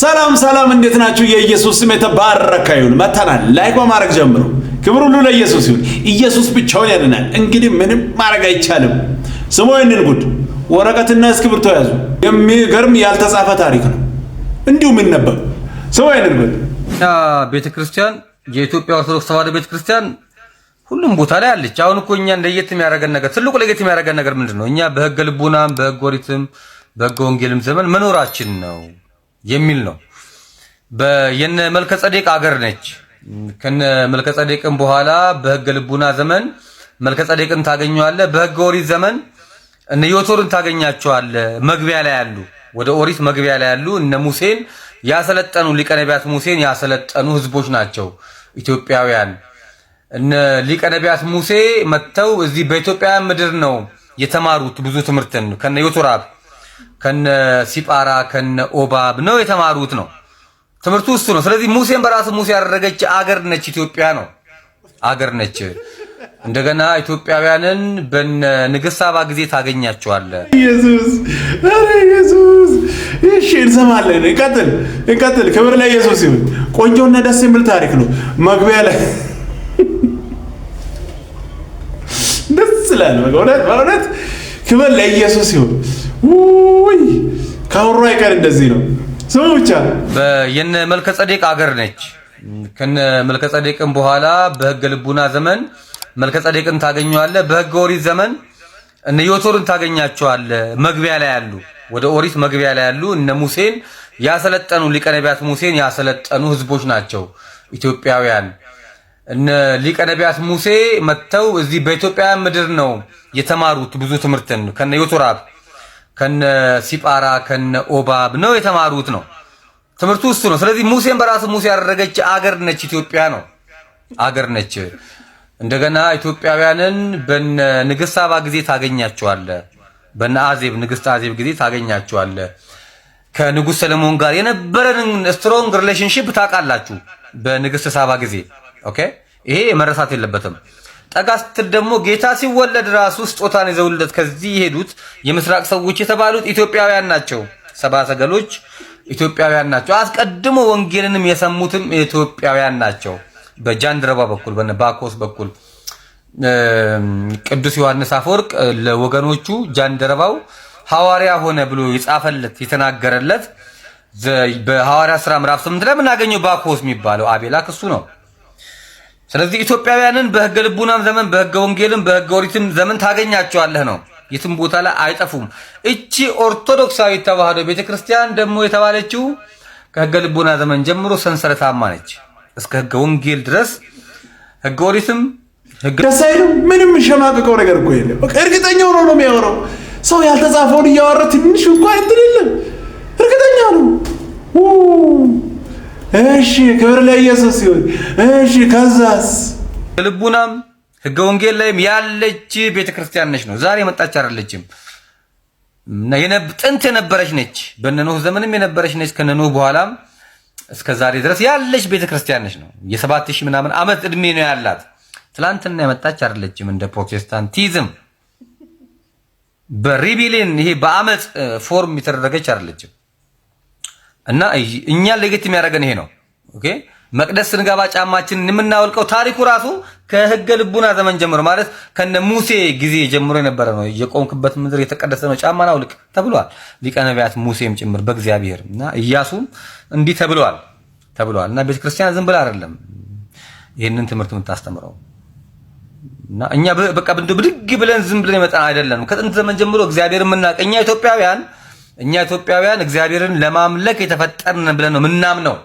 ሰላም ሰላም፣ እንዴት ናችሁ? የኢየሱስ ስም የተባረከ ይሁን። መተናል ላይ ማድረግ ጀምሮ ክብር ሁሉ ለኢየሱስ ይሁን። ኢየሱስ ብቻውን ያድናል። እንግዲህ ምንም ማድረግ አይቻልም። ስሙ ይህንን ጉድ፣ ወረቀትና እስክብርቶ ያዙ። የሚገርም ያልተጻፈ ታሪክ ነው፣ እንዲሁ የሚነበብ ስሙ ይህንን ጉድ። ቤተ ክርስቲያን የኢትዮጵያ ኦርቶዶክስ ተዋህዶ ቤተ ክርስቲያን ሁሉም ቦታ ላይ አለች። አሁን እኮ እኛ ለየት የሚያደርገን ነገር ትልቁ ለየት የሚያደርገን ነገር ምንድን ነው? እኛ በህገ ልቡናም በሕገ ኦሪትም በሕገ ወንጌልም ዘመን መኖራችን ነው። የሚል ነው። የነ መልከጸዴቅ አገር ነች። ከነ መልከጸዴቅም በኋላ በህገ ልቡና ዘመን መልከጸዴቅን ታገኘዋለ። በህገ ኦሪት ዘመን እነ ዮቶርን ታገኛቸዋለ። መግቢያ ላይ ያሉ ወደ ኦሪት መግቢያ ላይ ያሉ እነ ሙሴን ያሰለጠኑ ሊቀ ነቢያት ሙሴን ያሰለጠኑ ህዝቦች ናቸው ኢትዮጵያውያን። እነ ሊቀ ነቢያት ሙሴ መጥተው እዚህ በኢትዮጵያ ምድር ነው የተማሩት ብዙ ትምህርትን ከነ ዮቶራብ ከነ ሲጳራ ከነ ኦባብ ነው የተማሩት ነው ትምህርቱ ውስጥ ነው። ስለዚህ ሙሴን በራሱ ሙሴ ያደረገች አገር ነች፣ ኢትዮጵያ ነው አገር ነች። እንደገና ኢትዮጵያውያንን በነ ንግስት ሳባ ጊዜ ታገኛቸዋለ። ኢየሱስ አረ ኢየሱስ። እሺ እንሰማለን። እንቀጥል እንቀጥል። ክብር ላይ ኢየሱስ ይሁን። ቆንጆና ደስ የሚል ታሪክ ነው። መግቢያ ላይ ደስ ይላል። በእውነት በእውነት ክብር ላይ ኢየሱስ ይሁን። ውይ ካወሩ አይቀር እንደዚህ ነው ስሙ ብቻ። የነ መልከ ጸዴቅ አገር ነች። ከነ መልከ ጸዴቅም በኋላ በህገ ልቡና ዘመን መልከ ጸዴቅን ታገኘዋለ። በህገ ኦሪት ዘመን እነ ዮቶርን ታገኛቸዋለ። መግቢያ ላይ ያሉ ወደ ኦሪት መግቢያ ላይ ያሉ እነ ሙሴን ያሰለጠኑ ሊቀ ነቢያት ሙሴን ያሰለጠኑ ህዝቦች ናቸው ኢትዮጵያውያን። እነ ሊቀ ነቢያት ሙሴ መጥተው እዚህ በኢትዮጵያ ምድር ነው የተማሩት ብዙ ትምህርትን ከነ ዮቶራብ ከነ ሲጳራ ከነ ኦባብ ነው የተማሩት ነው ትምህርቱ ውስጥ ነው። ስለዚህ ሙሴን በራሱ ሙሴ ያደረገች አገር ነች ኢትዮጵያ ነው አገር ነች። እንደገና ኢትዮጵያውያንን በነ ንግስት ሳባ ጊዜ ታገኛቸዋለ። በነ አዜብ ንግስት አዜብ ጊዜ ታገኛቸዋለ። ከንጉስ ሰለሞን ጋር የነበረን ስትሮንግ ሪሌሽንሺፕ ታውቃላችሁ። በንግስት ሳባ ጊዜ ኦኬ። ይሄ መረሳት የለበትም። ጠጋ ስትል ደግሞ ጌታ ሲወለድ ራሱ ስጦታን ይዘውለት ከዚህ የሄዱት የምስራቅ ሰዎች የተባሉት ኢትዮጵያውያን ናቸው። ሰባ ሰገሎች ኢትዮጵያውያን ናቸው። አስቀድሞ ወንጌልንም የሰሙትም ኢትዮጵያውያን ናቸው። በጃንድረባ በኩል በባኮስ በኩል ቅዱስ ዮሐንስ አፈወርቅ ለወገኖቹ ጃንደረባው ሐዋርያ ሆነ ብሎ የጻፈለት የተናገረለት በሐዋርያ ስራ ምዕራፍ ስምንት ላይ ባኮስ የሚባለው አቤላክ እሱ ነው። ስለዚህ ኢትዮጵያውያንን በህገ ልቡናም ዘመን በህገ ወንጌልም በህገ ኦሪትም ዘመን ታገኛቸዋለህ ነው። የትም ቦታ ላይ አይጠፉም። እቺ ኦርቶዶክሳዊ ተዋህዶ ቤተክርስቲያን ደግሞ የተባለችው ከህገ ልቡና ዘመን ጀምሮ ሰንሰለታማ ነች። እስከ ህገ ወንጌል ድረስ ህገ ኦሪትም ደስ ምንም ሸማቅቀው ነገር እኮ የለም። እርግጠኛ ሆኖ ነው የሚያወራው ሰው ያልተጻፈውን እያወራ ትንሽ እንኳን እንትን የለም። እርግጠኛ ነው። እሺ፣ ክብር ለኢየሱስ ይሁን። እሺ፣ ከዛስ ልቡናም ህገ ወንጌል ላይም ያለች ቤተ ክርስቲያን ነች ነው። ዛሬ መጣች አይደለችም። ጥንት የነበረች ነች። በነኖህ ዘመንም የነበረች ነች። ከነኖህ በኋላም እስከ ዛሬ ድረስ ያለች ቤተ ክርስቲያን ነች ነው። የሰባት ሺህ ምናምን ዓመት እድሜ ነው ያላት። ትላንትና የመጣች አይደለችም። እንደ ፕሮቴስታንቲዝም በሪቢሊን ይሄ በአመፅ ፎርም የተደረገች አይደለችም። እና እኛ ለየት የሚያደርገን ይሄ ነው። ኦኬ መቅደስ ስንገባ ጫማችን የምናወልቀው ታሪኩ ራሱ ከህገ ልቡና ዘመን ጀምሮ ማለት ከነ ሙሴ ጊዜ ጀምሮ የነበረ ነው። የቆምክበት ምድር የተቀደሰ ነው፣ ጫማን አውልቅ ተብሏል። ሊቀ ነቢያት ሙሴም ጭምር በእግዚአብሔር እና እያሱም እንዲህ ተብሏል ተብሏል እና ቤተክርስቲያን ዝም ብላ አይደለም ይህንን ትምህርት የምታስተምረው እና እኛ በቃ ብድግ ብለን ዝም ብለን የመጣን አይደለንም። ከጥንት ዘመን ጀምሮ እግዚአብሔር የምናውቅ እኛ ኢትዮጵያውያን እኛ ኢትዮጵያውያን እግዚአብሔርን ለማምለክ የተፈጠርን ብለን ነው ምናምነው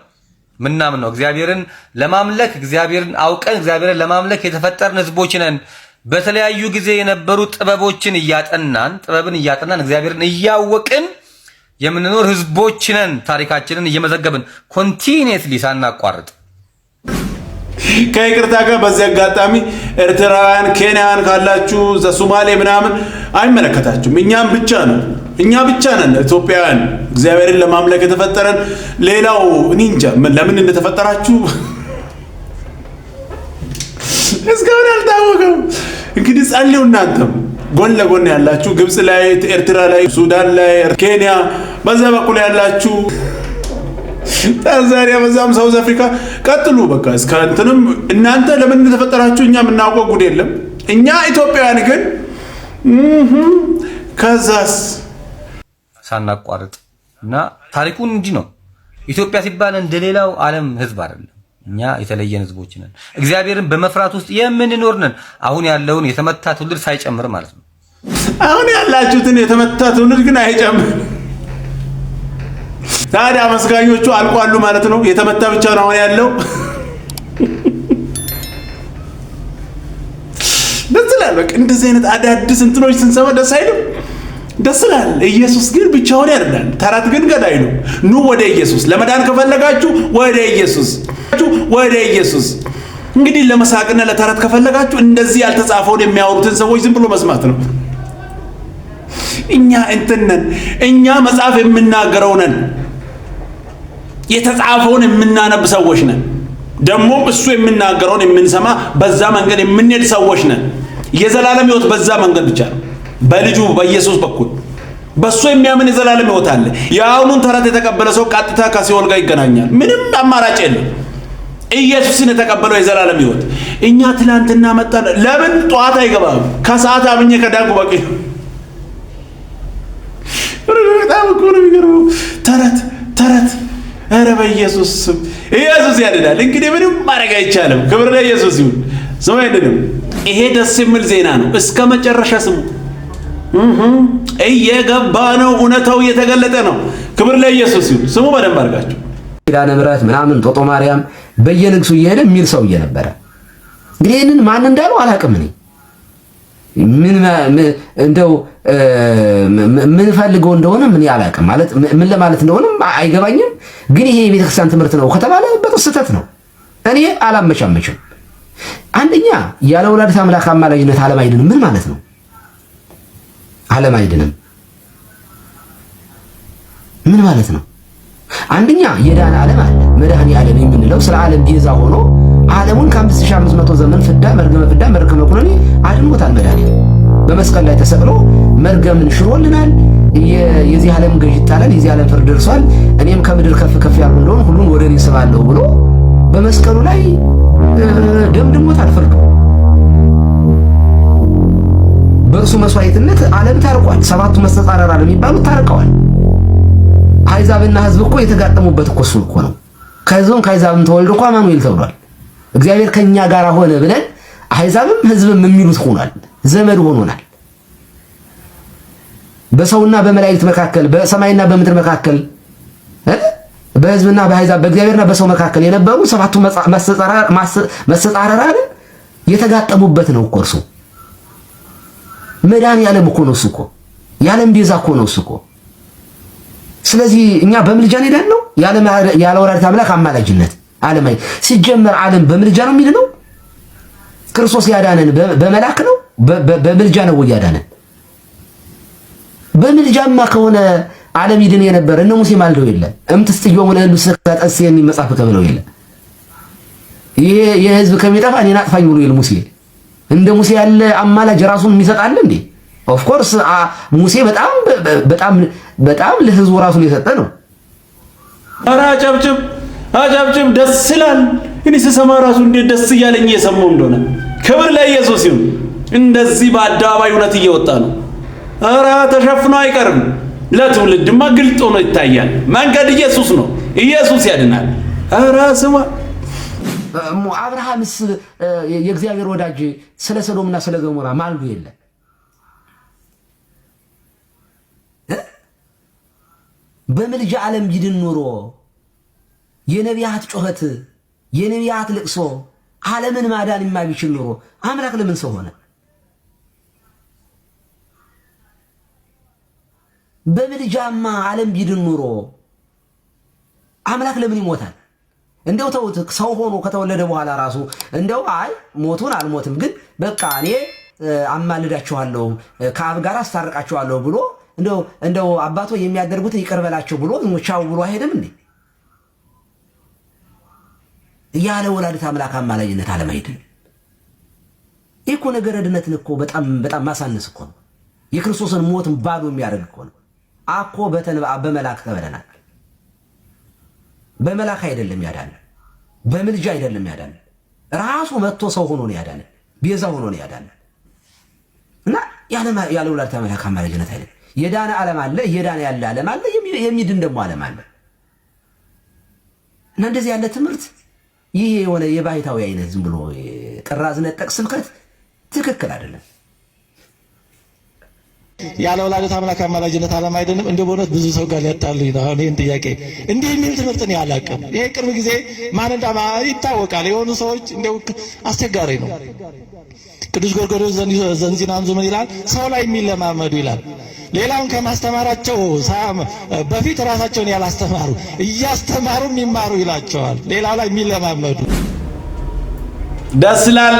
ምናምነው እግዚአብሔርን ለማምለክ እግዚአብሔርን አውቀን እግዚአብሔርን ለማምለክ የተፈጠርን ህዝቦች ነን። በተለያዩ ጊዜ የነበሩ ጥበቦችን እያጠናን ጥበብን እያጠናን እግዚአብሔርን እያወቅን የምንኖር ህዝቦች ነን። ታሪካችንን እየመዘገብን ኮንቲኒየስሊ ሳናቋርጥ ከይቅርታ ጋር በዚህ አጋጣሚ ኤርትራውያን፣ ኬንያውያን ካላችሁ ሶማሌ ምናምን አይመለከታችሁም። እኛም ብቻ ነው እኛ ብቻ ነን ኢትዮጵያውያን እግዚአብሔርን ለማምለክ የተፈጠረን። ሌላው እኔ እንጃ ለምን እንደተፈጠራችሁ እስካሁን አልታወቀም። እንግዲህ ጸልዩ እናንተም ጎን ለጎን ያላችሁ ግብፅ ላይ፣ ኤርትራ ላይ፣ ሱዳን ላይ፣ ኬንያ በዛ በኩል ያላችሁ ታንዛኒያ በዛም ሳውዝ አፍሪካ ቀጥሉ። በቃ እስከ እንትንም እናንተ ለምን እንደተፈጠራችሁ እኛ የምናውቀው ጉድ የለም። እኛ ኢትዮጵያውያን ግን ከዛስ ሳናቋርጥ እና ታሪኩን እንዲህ ነው። ኢትዮጵያ ሲባል እንደሌላው ዓለም ህዝብ አይደለም። እኛ የተለየን ህዝቦች ነን። እግዚአብሔርን በመፍራት ውስጥ የምንኖር ነን። አሁን ያለውን የተመታ ትውልድ ሳይጨምር ማለት ነው። አሁን ያላችሁትን የተመታ ትውልድ ግን አይጨምር። ታዲያ አመስጋኞቹ አልቋሉ ማለት ነው። የተመታ ብቻ ነው አሁን ያለው። ደስ ይላል። በቃ እንደዚህ አይነት አዳዲስ እንትኖች ስንሰማ ደስ አይልም? ደስ ይላል። ኢየሱስ ግን ብቻውን ያድናል። ተረት ግን ገዳይ ነው። ኑ ወደ ኢየሱስ ለመዳን ከፈለጋችሁ ወደ ኢየሱስ ወደ ኢየሱስ። እንግዲህ ለመሳቅና ለተረት ከፈለጋችሁ እንደዚህ ያልተጻፈውን የሚያወሩትን ሰዎች ዝም ብሎ መስማት ነው። እኛ እንትን እኛ መጽሐፍ የምናገረው ነን። የተጻፈውን የምናነብ ሰዎች ነን። ደግሞም እሱ የምናገረውን የምንሰማ፣ በዛ መንገድ የምንሄድ ሰዎች ነን። የዘላለም ሕይወት በዛ መንገድ ብቻ ነው። በልጁ በኢየሱስ በኩል በሱ የሚያምን የዘላለም ሕይወት አለ። የአሁኑን ተረት የተቀበለ ሰው ቀጥታ ከሲኦል ጋር ይገናኛል። ምንም አማራጭ የለም። ኢየሱስን የተቀበለው የዘላለም ሕይወት። እኛ ትላንትና መጣን። ለምን ጠዋት አይገባም? ከሰዓት አምኜ ከዳንኩ በቂ ነው ተረት ተረት። ኧረ በኢየሱስ ስም ኢየሱስ ያድናል። እንግዲህ ምንም ማድረግ አይቻልም። ክብር ለኢየሱስ ይሁን። ስሙ ይሄ ደስ የሚል ዜና ነው። እስከ መጨረሻ ስሙ። እየገባ ነው። እውነታው እየተገለጠ ነው። ክብር ለኢየሱስ ይሁን። ስሙ በደንብ አድርጋችሁ ኪዳነ ምሕረት ምናምን ጦጦ ማርያም በየንግሱ እየሄደ የሚል ሰው እየነበረ እንግዲህ ይህንን ማን እንዳለው አላውቅም። እኔ ምን እንደው ምን ፈልገው እንደሆነ ምን አላውቅም። ማለት ምን ለማለት እንደሆነም አይገባኝም። ግን ይሄ ክርስቲያን ትምህርት ነው ከተባለ በጣም ስህተት ነው። እኔ አላመቻመችም። አንደኛ ያለ ወላዲተ አምላክ አማላጅነት አለማይድን ምን ማለት ነው? ዓለም አይድንም። ምን ማለት ነው? አንደኛ የዳን ዓለም አለ። መድኃኔ ዓለም የምንለው ስለ ዓለም ቤዛ ሆኖ ዓለሙን ከ5500 ዘመን ፍዳ፣ መርገመ ፍዳ፣ መርገመ ኩነኔ አድኖታል። መድኃኔ በመስቀል ላይ ተሰቅሎ መርገምን ሽሮልናል። የዚህ ዓለም ገዥ ይጣላል፣ የዚህ ዓለም ፍርድ ደርሷል። እኔም ከምድር ከፍ ከፍ ያልኩ እንደሆን ሁሉን ወደ እኔ ስባለሁ ብሎ በመስቀሉ ላይ ደምድሞታል ፍርዱ በእርሱ መስዋዕትነት ዓለም ታርቋል። ሰባቱ መስተጻረር የሚባሉት ታርቀዋል። አይዛብና ህዝብ እኮ የተጋጠሙበት እኮ እሱ እኮ ነው። ከሕዝብም ከአይዛብም ተወልዶ እኮ አማኑኤል ተብሏል። እግዚአብሔር ከኛ ጋር ሆነ ብለን አይዛብም ህዝብም የሚሉት ሆኗል። ዘመድ ሆኖናል። በሰውና በመላእክት መካከል በሰማይና በምድር መካከል በህዝብና በአይዛብ በእግዚአብሔርና በሰው መካከል የነበሩ ሰባቱ መስተጻረር የተጋጠሙበት ነው እኮ እርሱ መዳን ያለም እኮ ነው እሱ እኮ ያለም ቤዛ እኮ ነው እሱ እኮ። ስለዚህ እኛ በምልጃ እንሄዳለን ነው ያለ ወላዲተ አምላክ አማላጅነት ዓለም ሲጀመር ዓለም በምልጃ ነው የሚል ነው ክርስቶስ ያዳነን በመላክ ነው በምልጃ ነው ወይ ያዳነን? በምልጃማ ከሆነ ዓለም ይድን የነበረ እነ ሙሴ ማልደው የለ እምትስጥየው ወለ ሁሉ ስካጣስ የሚመጻፍ ከብለው የለ ይሄ የህዝብ ከሚጠፋ እኔን አጥፋኝ ብሎ ይል ሙሴ እንደ ሙሴ ያለ አማላጅ ራሱን የሚሰጣል እንዴ? ኦፍኮርስ ሙሴ በጣም በጣም በጣም ለህዝቡ ራሱን የሰጠ ነው። ኧረ አጨብጭብ አጨብጭብ፣ ደስ ይላል። እኔ ስሰማ ራሱ እንዴት ደስ እያለኝ እየሰማው እንደሆነ። ክብር ለኢየሱስ ይሁን። እንደዚህ በአደባባይ እውነት እየወጣ ነው። ኧረ ተሸፍኖ አይቀርም። ለትውልድማ ግልጥ ሆኖ ይታያል። መንገድ ኢየሱስ ነው። ኢየሱስ ያድናል። ኧረ ስማ አብርሃምስ የእግዚአብሔር ወዳጅ ስለ ሰዶምና ስለ ገሞራ ማልዱ የለ በምልጃ ዓለም ይድን ኑሮ የነቢያት ጩኸት የነቢያት ልቅሶ ዓለምን ማዳን የማይችል ኑሮ አምላክ ለምን ሰው ሆነ? በምልጃማ ዓለም ቢድን ኑሮ አምላክ ለምን ይሞታል? እንደው ተውት። ሰው ሆኖ ከተወለደ በኋላ ራሱ እንደው አይ ሞቱን አልሞትም ግን በቃ እኔ አማልዳችኋለሁ ከአብ ጋር አስታርቃችኋለሁ ብሎ እንደው እንደው አባቶ የሚያደርጉትን ይቀርበላቸው ብሎ ቻው ብሎ አይሄድም እንዴ? እያለ ወላዲተ አምላክ አማላጅነት አለማሄድ ይህ እኮ ነገረ ድነትን እኮ በጣም በጣም ማሳነስ እኮ ነው። የክርስቶስን ሞትን ባዶ የሚያደርግ እኮ ነው። አኮ በተን በመላክ ተበለናል በመላክ አይደለም ያዳነን፣ በምልጃ አይደለም ያዳነን። ራሱ መጥቶ ሰው ሆኖ ነው ያዳነን፣ ቤዛ ሆኖ ነው ያዳነን እና ያለ ወላዲተ አምላክ አማላጅነት አይደለም። የዳነ ዓለም አለ፣ እየዳነ ያለ ዓለም አለ፣ የሚድን ደግሞ ዓለም አለ እና እንደዚህ ያለ ትምህርት ይህ የሆነ የባይታዊ አይነት ዝም ብሎ ጥራዝ ነጠቅ ስብከት ትክክል አይደለም። ያለ ወላጆት አምላክ አማላጅነት ዓለም አይደለም። እንደ በእውነት ብዙ ሰው ጋር ሊያጣሉኝ ነው። አሁን ይህን ጥያቄ እንዲህ የሚል ትምህርት ነው ያላቅም። ይሄ ቅርብ ጊዜ ማን እንዳ ይታወቃል። የሆኑ ሰዎች እንደው አስቸጋሪ ነው። ቅዱስ ጎርጎርዮስ ዘንዚናንዙ ምን ይላል? ሰው ላይ የሚለማመዱ ይላል። ሌላውን ከማስተማራቸው በፊት ራሳቸውን ያላስተማሩ እያስተማሩ የሚማሩ ይላቸዋል። ሌላው ላይ የሚለማመዱ ደስ ይላል።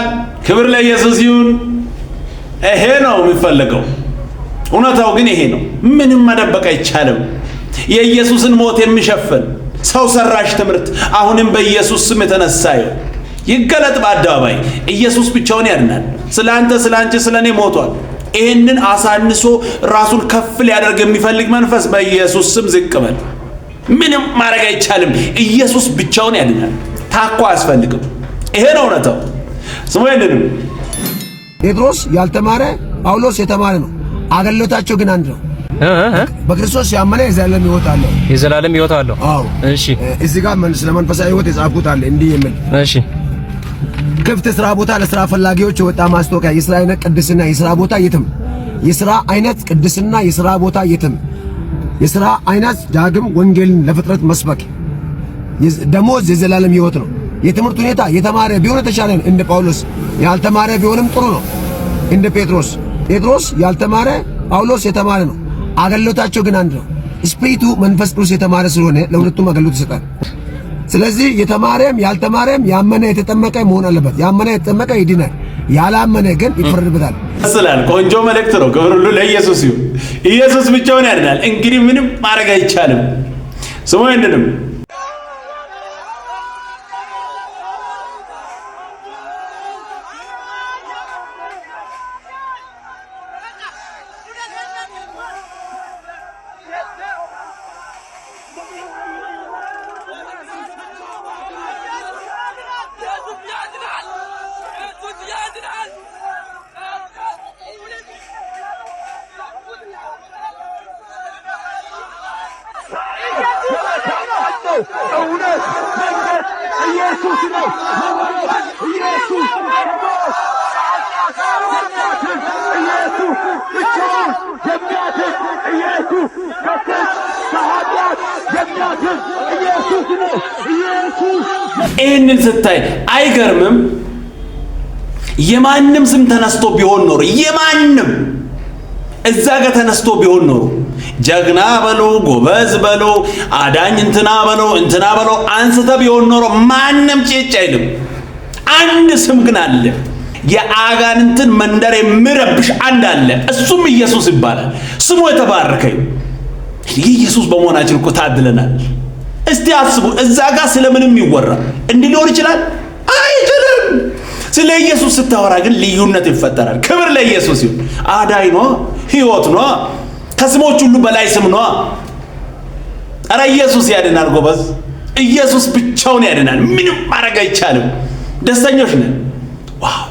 ክብር ለኢየሱስ ይሁን። ይሄ ነው የሚፈለገው። እውነታው ግን ይሄ ነው። ምንም መደበቅ አይቻልም። የኢየሱስን ሞት የሚሸፍን ሰው ሰራሽ ትምህርት አሁንም በኢየሱስ ስም የተነሳ ይገለጥ በአደባባይ። ኢየሱስ ብቻውን ያድናል። ስለ አንተ፣ ስለ አንቺ፣ ስለ እኔ ሞቷል። ይህንን አሳንሶ ራሱን ከፍ ሊያደርግ የሚፈልግ መንፈስ በኢየሱስ ስም ዝቅ በል። ምንም ማድረግ አይቻልም። ኢየሱስ ብቻውን ያድናል። ታኳ አያስፈልግም። ይሄ ነው እውነታው። ስሙ ጴጥሮስ ያልተማረ ጳውሎስ የተማረ ነው። አገልግሎታቸው ግን አንድ ነው። በክርስቶስ ያመነ የዘላለም ህይወት አለ። የዘላለም ህይወት አለ። አዎ። እሺ፣ እዚህ ጋር ስለ መንፈሳዊ ህይወት የጻፍኩት አለ እንዲህ የሚል እሺ ክፍት ስራ ቦታ ለስራ ፈላጊዎች የወጣ ማስታወቂያ። የስራ አይነት ቅድስና፣ የስራ ቦታ የትም። የስራ አይነት ቅድስና፣ የስራ ቦታ የትም። የስራ አይነት ዳግም ወንጌልን ለፍጥረት መስበክ። ደሞዝ የዘላለም ህይወት ነው። የትምህርት ሁኔታ የተማረ ቢሆን የተሻለ እንደ ጳውሎስ፣ ያልተማረ ቢሆንም ጥሩ ነው እንደ ጴጥሮስ ጴጥሮስ ያልተማረ ጳውሎስ የተማረ ነው። አገልግሎታቸው ግን አንድ ነው። ስፕሪቱ መንፈስ ቅዱስ የተማረ ስለሆነ ለሁለቱም አገልግሎት ይሰጣል። ስለዚህ የተማረም ያልተማረም ያመነ የተጠመቀ መሆን አለበት። ያመነ የተጠመቀ ይድናል፣ ያላመነ ግን ይፈርድበታል። ስላል ቆንጆ መልእክት ነው። ክብር ሁሉ ለኢየሱስ ይሁን። ኢየሱስ ብቻውን ያድናል። እንግዲህ ምንም ማድረግ አይቻልም። ስሙ ይንድንም ነው። እውነት መንገድ ኢየሱስ ነው። ኢየሱስ ኢየሱስ ብቻውን የሚያድን ኢየሱስ ከኃጢአት የሚያድን ኢየሱስ ነው። ኢየሱስ ይህንን ስታይ አይገርምም? የማንም ስም ተነስቶ ቢሆን ኖሮ የማንም እዛ ጋር ተነስቶ ቢሆን ኖሮ ጀግና በሉ፣ ጎበዝ በሉ፣ አዳኝ እንትና በሉ እንትና በሉ አንስተ ቢሆን ኖሮ ማንም ጭጭ አይልም። አንድ ስም ግን አለ። የአጋንንትን መንደር የሚረብሽ አንድ አለ። እሱም ኢየሱስ ይባላል። ስሙ የተባረከ ይህ ኢየሱስ በመሆናችን እኮ ታድለናል። እስቲ አስቡ። እዛ ጋር ስለምንም ይወራ እንዲህ ሊሆን ይችላል አይችልም። ስለ ኢየሱስ ስታወራ ግን ልዩነት ይፈጠራል። ክብር ለኢየሱስ ይሁን። አዳኝ ኗ፣ ህይወት ኗ ከስሞች ሁሉ በላይ ስም ነዋ። ኧረ ኢየሱስ ያድናል ጎበዝ። ኢየሱስ ብቻውን ያድናል። ምንም ማድረግ አይቻልም። ደስተኞች ነን። ዋው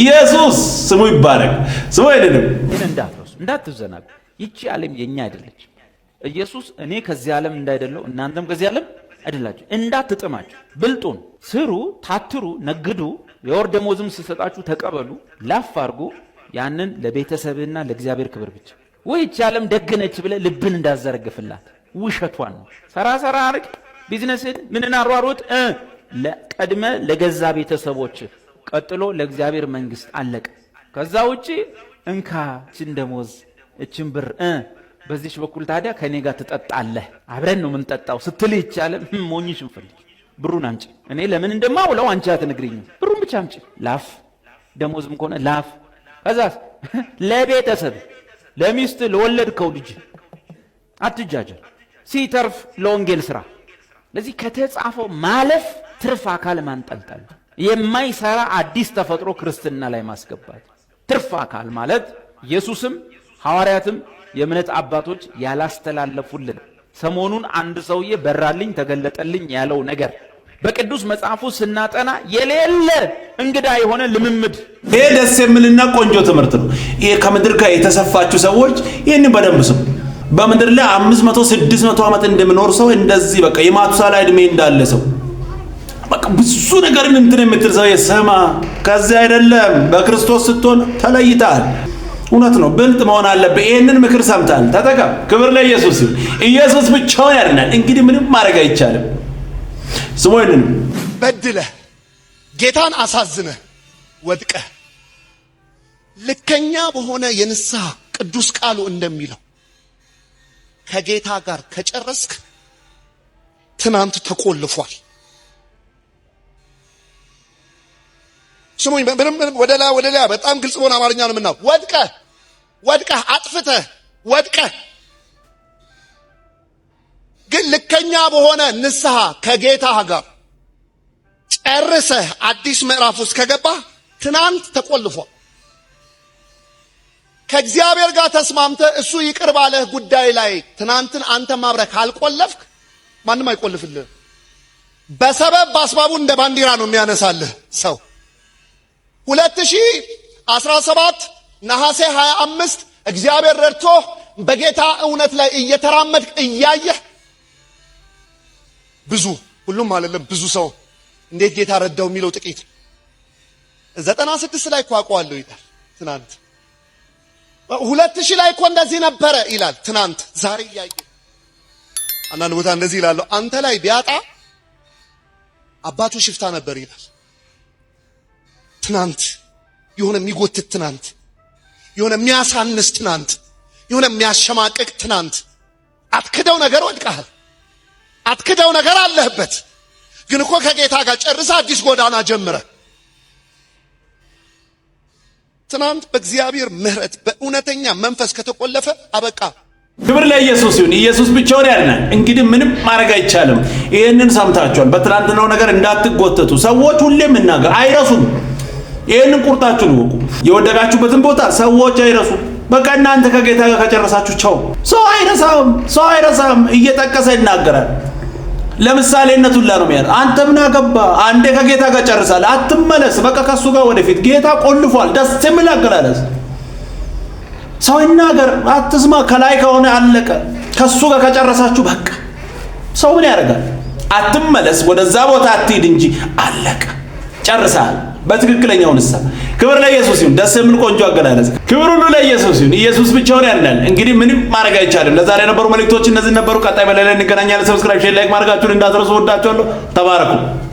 ኢየሱስ ስሙ ይባረክ። ስሙ አይደለም ግን እንዳትረሱ፣ እንዳትዘናጉ። ይቺ ዓለም የኛ አይደለች። ኢየሱስ እኔ ከዚህ ዓለም እንዳይደለው እናንተም ከዚህ ዓለም አይደላችሁ እንዳትጥማችሁ። ብልጡን ስሩ፣ ታትሩ፣ ነግዱ፣ የወር ደሞዝም ስሰጣችሁ ተቀበሉ፣ ላፍ አድርጉ። ያንን ለቤተሰብህና ለእግዚአብሔር ክብር ብቻ ወይ ይህች ዓለም ደግነች ብለህ ልብን እንዳዘረግፍላት ውሸቷን ነው። ሰራ ሰራ አርግ፣ ቢዝነስን ምንን አሯሩጥ፣ ቀድመ ለገዛ ቤተሰቦች፣ ቀጥሎ ለእግዚአብሔር መንግስት አለቀ። ከዛ ውጭ እንካ እችን ደሞዝ እችን ብር በዚች በኩል ታዲያ ከእኔ ጋር ትጠጣለህ፣ አብረን ነው የምንጠጣው ስትል ይህች ሞኝሽ እንፈልግ ብሩን አምጪ። እኔ ለምን እንደማውለው አንቺ አትነግሪኝም። ብሩን ብቻ አምጪ። ላፍ ደሞዝም ከሆነ ላፍ እዛስ ለቤተሰብ ለሚስት ለወለድከው ልጅ አትጃጀል። ሲተርፍ ለወንጌል ስራ። ለዚህ ከተጻፈው ማለፍ ትርፍ አካል ማንጠልጠል፣ የማይሰራ አዲስ ተፈጥሮ ክርስትና ላይ ማስገባት። ትርፍ አካል ማለት ኢየሱስም ሐዋርያትም የእምነት አባቶች ያላስተላለፉልን ሰሞኑን አንድ ሰውዬ በራልኝ ተገለጠልኝ ያለው ነገር በቅዱስ መጽሐፉ ስናጠና የሌለ እንግዳ የሆነ ልምምድ። ይሄ ደስ የሚልና ቆንጆ ትምህርት ነው። ይሄ ከምድር ጋር የተሰፋችሁ ሰዎች ይህንን በደንብ ስሙ። በምድር ላይ አምስት መቶ ስድስት መቶ ዓመት እንደሚኖር ሰው እንደዚህ በቃ የማቱሳላ እድሜ እንዳለ ሰው በቃ ብዙ ነገርን እንትን የምትል ሰው የሰማ ከዚህ አይደለም። በክርስቶስ ስትሆን ተለይታል። እውነት ነው። ብልጥ መሆን አለብህ። ይህንን ምክር ሰምታል፣ ተጠቀም። ክብር ለኢየሱስ ኢየሱስ ብቻውን ያድናል። እንግዲህ ምንም ማድረግ አይቻልም። ስሙ ይልንም ጌታን አሳዝነ ወድቀ ልከኛ በሆነ የንስሐ ቅዱስ ቃሉ እንደሚለው ከጌታ ጋር ከጨረስክ ትናንት ተቆልፏል። ስሙኝ፣ ምንም ወደ ላይ ወደ ላይ በጣም ግልጽ በሆነ አማርኛ ነው የምናው ወድቀህ ወድቀህ አጥፍተህ ወድቀህ ግን ልከኛ በሆነ ንስሐ ከጌታ ጋር ጨርሰህ አዲስ ምዕራፍ ውስጥ ከገባ ትናንት ተቆልፏል። ከእግዚአብሔር ጋር ተስማምተ እሱ ይቅር ባለህ ጉዳይ ላይ ትናንትን አንተ ማብረህ ካልቆለፍክ ማንም አይቆልፍልህ። በሰበብ በአስባቡ እንደ ባንዲራ ነው የሚያነሳልህ ሰው። 2017 ነሐሴ 25 እግዚአብሔር ረድቶ በጌታ እውነት ላይ እየተራመድክ እያየህ ብዙ ሁሉም አይደለም ብዙ ሰው እንዴት ጌታ ረዳው የሚለው ጥቂት ዘጠና ስድስት ላይ እኮ አውቀዋለሁ ይላል ትናንት ሁለት ሺህ ላይ እኮ እንደዚህ ነበረ ይላል ትናንት ዛሬ እያየ አንዳንድ ቦታ እንደዚህ ይላለሁ አንተ ላይ ቢያጣ አባቱ ሽፍታ ነበር ይላል ትናንት የሆነ የሚጎትት ትናንት የሆነ የሚያሳንስ ትናንት የሆነ የሚያሸማቅቅ ትናንት አትክደው ነገር ወድቀሃል አትክደው ነገር አለህበት። ግን እኮ ከጌታ ጋር ጨርሰ አዲስ ጎዳና ጀምረ ትናንት በእግዚአብሔር ምሕረት በእውነተኛ መንፈስ ከተቆለፈ አበቃ። ክብር ለኢየሱስ ይሁን። ኢየሱስ ብቻውን ያድናል። እንግዲህ ምንም ማድረግ አይቻልም። ይህንን ሰምታችኋል። በትናንትናው ነገር እንዳትጎተቱ። ሰዎች ሁሌም እናገር አይረሱም። ይህንን ቁርጣችሁን ወቁ። የወደቃችሁበትን ቦታ ሰዎች አይረሱም። በቃ እናንተ ከጌታ ጋር ከጨረሳችሁ ቸው ሰው አይረሳም፣ ሰው አይረሳም እየጠቀሰ ይናገራል። ለምሳሌነቱ ላ ነው የሚያል አንተ ምን አገባ? አንዴ ከጌታ ጋር ጨርሳል፣ አትመለስ። በቃ ከሱ ጋር ወደፊት ጌታ ቆልፏል። ደስ የሚል አገላለጽ። ሰው ይናገር አትስማ። ከላይ ከሆነ አለቀ። ከሱ ጋር ከጨረሳችሁ በቃ ሰው ምን ያደርጋል? አትመለስ፣ ወደዛ ቦታ አትሂድ እንጂ አለቀ፣ ጨርሳል። በትክክለኛው ንሳ ክብር ለኢየሱስ ይሁን። ደስ የሚል ቆንጆ አገላለጽ። ክብር ሁሉ ለኢየሱስ ይሁን። ኢየሱስ ብቻውን ያድናል። እንግዲህ ምንም ማድረግ አይቻልም። ለዛሬ የነበሩ መልእክቶች እነዚህ ነበሩ። ቀጣይ በሌላ እንገናኛለን። ሰብስክራይብ፣ ሼር፣ ላይክ ማድረጋችሁን እንዳትረሱ። ወዳችኋለሁ። ተባረኩ።